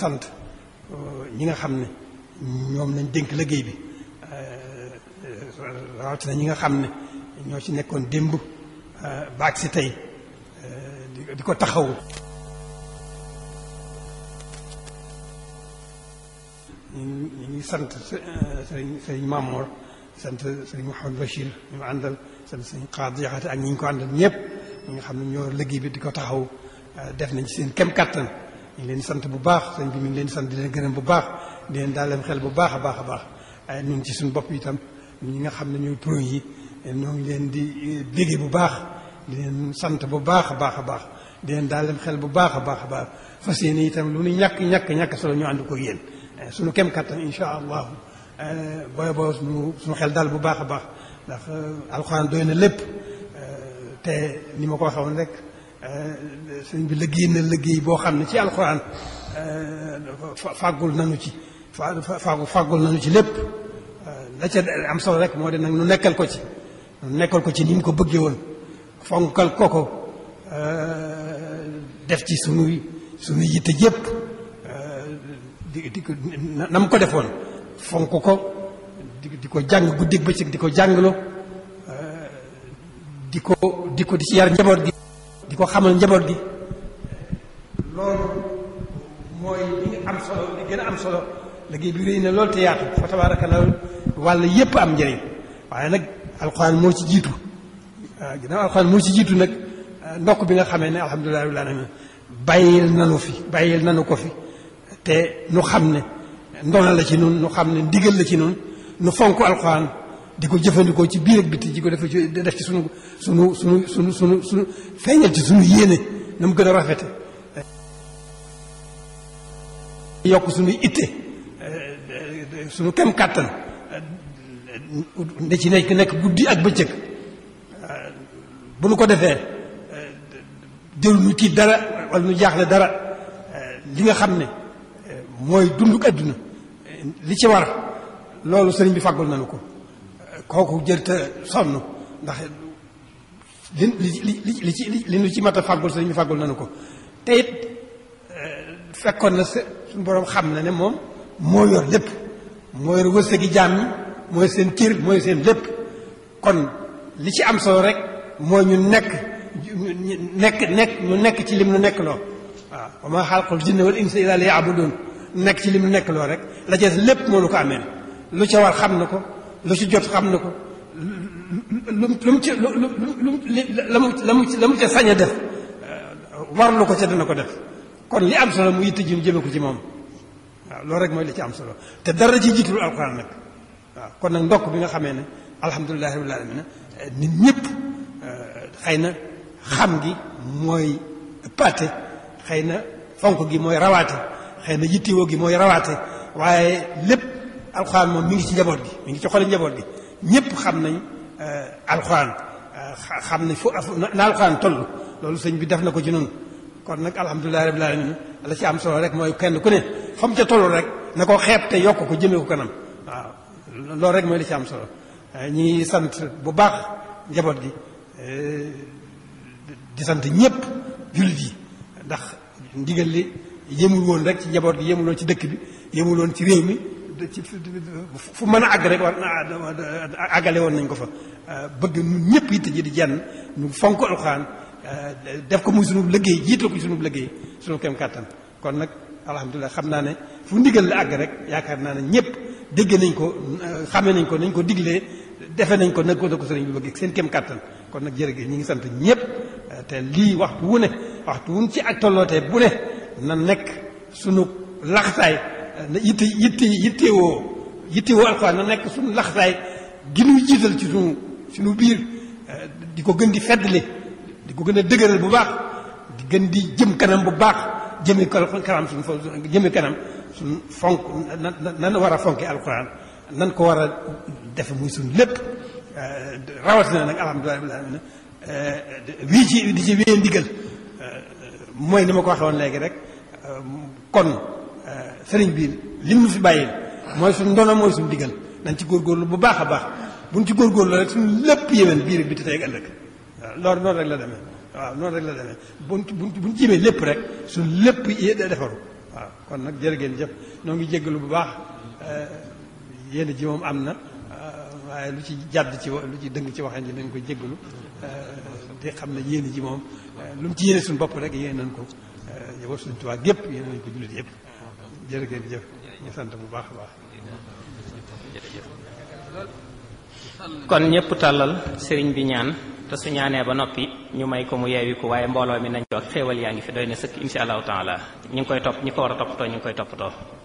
sant euh, ñi nga xam ne ñoom lañ dénk liggéey bi euh, euh, rawatina ñi nga xam ne ñoo ci nekkoon démb baag si tey di ko taxawu ñu ngi sant sëriñ sëriñ Mamoor sant sëriñ Mouhamed Bachir ñu mu àndal sant sëriñ Xaadi Jaxate ak ñu ko àndal ñëpp ñi nga xam ne ñoo liggéey bi di ko taxaw def nañ ci seen kem kattan ñu leen sant bu baax sëñ bi mi ngi leen sant di leen gërëm bu baax di leen daalem xel bu baax a baax a baax waaye ñun ci suñu bopp itam ñi nga xam ne ñooy pro yi ñoo ngi leen di eh, bége bu baax di leen sant bu baax a baax a baax di leen daalem xel bu baax a baax a baax fas yéene itam lu nu ñàkk ñàkk ñàkk solo ñu ànd ko yéen eh, suñu kem kattan incha allahu eh, booy boo suñu suñu xel daal bu baax a baax ndax alxuraan doy na lépp te ni ma ko waxee woon rek Euh, sëñ bi liggéey na liggéey boo xam ne ci alxuraan euh, fàggul nañu ci fàggu fàggul nañu ci lépp euh, la am solo rek moo de nag nu nekkal ko ci nu nekkal ko ci ni ko bëggee woon fonkal ko def ci sunuy sunuy yitte yëpp di di ko ko defoon fonk ko di di ko jàng guddi bëccëg di ko jàngloo di ko di ko ci yar njaboot gi di ko xamal njaboot gi loolu mooy li nga am solo li gën a am solo liggéey bi réy na loolu te yaatu fa tabaraka la wàll yépp am njëriñ waaye nag alxuraan moo ci jiitu waaw ah, moo ci jiitu nag ah, ndokk bi nga xamee ne alhamdulilah rabbil alamin bàyyil nanu fi bàyyil nanu ko fi te nu xam ne ndono la ci noonu nu xam ne ndigal la ci noonu nu fonk alxuraan di ko jëfandikoo ci biir ak biti di ko def ci def ci sunu sunu sunu sunu sunu sunu feeñal ci sunu yéene na mu gën a rafete yokk sunu itte sunu kem kàttan ne ci nekk nekk guddi ak bëccëg bu nu ko defee jël nu tiit dara wala nu jaaxle dara li nga xam ne mooy dunduk àdduna li ci war loolu sëriñ bi fàggul nanu ko kooku jërta sonn ndax li li li li ci li nu ci mat a fàggul sëriñ bi nanu ko te euh, fekkoon na suñu boroom xam na ne moom moo yor lépp moo yor wërsëgi jaam yi mooy seen cër mooy seen lépp kon li ci am solo rek mooy ñu nekk nekk nekk ñu nekk ci li mu nekk loo waaw wa maa xalaqul jinna wal insa illa liya'budun nekk ci li mu nekk loo rek la jeex lépp moo nu ko amee lu ca war xam na ko lu ci jot xam na ko lu lu mu ci lu lu la mu la mu la mu ca sañ a def euh, warlu ko ca dana ko def kon li am solo mu itte jëm jëme ko ci moom waaw loolu rek mooy li ci am solo te dara ci jiitul alxuraan nag waaw kon nag ndokk bi nga xamee ne alhamdulilahi rabbil alamin euh, nit ñëpp euh, xëy na xam gi mooy pàtte xëy na fonk gi mooy rawaate xëy na yittewoo gi mooy rawaate waaye lépp alxuraan moom mi ngi ci njaboot gi mu ngi ci xoli njaboot gi ñëpp xam nañ eh, alxuraan eh, xam nañ fu na alxuraan toll loolu sëñ bi def na ko ci noonu kon nag alhamdulilahi rabbil alamin la ci am solo rek mooy kenn ku ne fa mu ca toll rek na ko xeeb te yokk ko jëmee ko kanam waaw loolu rek mooy la ci am solo eh, ñu ngi sant bu baax njaboot gi di sant ñëpp jullit yi ndax ndigal li yëmul woon rek ci njaboot gi yëmul woon ci dëkk bi yëmul woon ci réew mi ci fu mën a àgg rek war àggale woon nañ ko fa bëgg ñun ñëpp yitte ji di jenn ñu fonk alxuraan def ko muy sunu liggéey jiital ko sunu liggéey sunu kem kàttan kon nag alhamdulilah xam naa ne fu ndigal la àgg rek yaakaar naa ne ñëpp dégg nañ ko xame nañ ko nañ ko diglee defe nañ ko nag ko ko sëriñ bi seen kem kàttan kon nag jërëjëf ñi ngi sant ñëpp te lii waxtu wu ne waxtu wu ci ak tollootee bu ne na nekk sunu laxsaay yitte yitte yittewoo yittewoo alxuraan na nekk suñu laxsaay gi ñuy jiital ci suñu suñu biir eh, di ko gën di feddali di ko gën a dëgëral bu baax di gën di jëm kanam bu baax jëme kanam suñu fo jëme kanam suñu fonk nan war a fonke alxuraan nan ko war a defe muy suñu lépp eh, rawatina nag alhamdulilah eh, wii ci di ci wéyee ndigal mooy ni ma ko waxee woon léegi rek kon sëriñ bi lim mu fi bàyyil mooy suñ ndono mooy suñ digal nañ ci góorgóorlu bu baax a baax buñ ci góorgóorlu rek suñ lépp yéwén biir bi te tey ak ëllëg la demee waaw noonu rek la buñ buñ lépp rek suñ lépp defaru waaw kon nag jërë ngeen jëpp ñoo ngi jéggalu bu baax eh, yéen ji am na eh, waaye lu ci jàdd ci lu ci dëng ci waxee ji nañ ko jéggalu eh, te xam na yéen ji moom lu mu ci yéene suñ bopp rek yéen nañ ko yow suñ tubaab gépp yéen nañ jullit yëpp jërë ngeen jëf ñu bu baax a kon ñëpp tàllal sëriñ bi ñaan te su ñaanee ba noppi ñu may ko mu yeewiku waaye mbooloo mi nañ ko ak xéewal yaa ngi fi doy na sëkk insha allahu taala ñu ngi koy topp ñi ko war a toppatoo ñu ngi koy toppatoo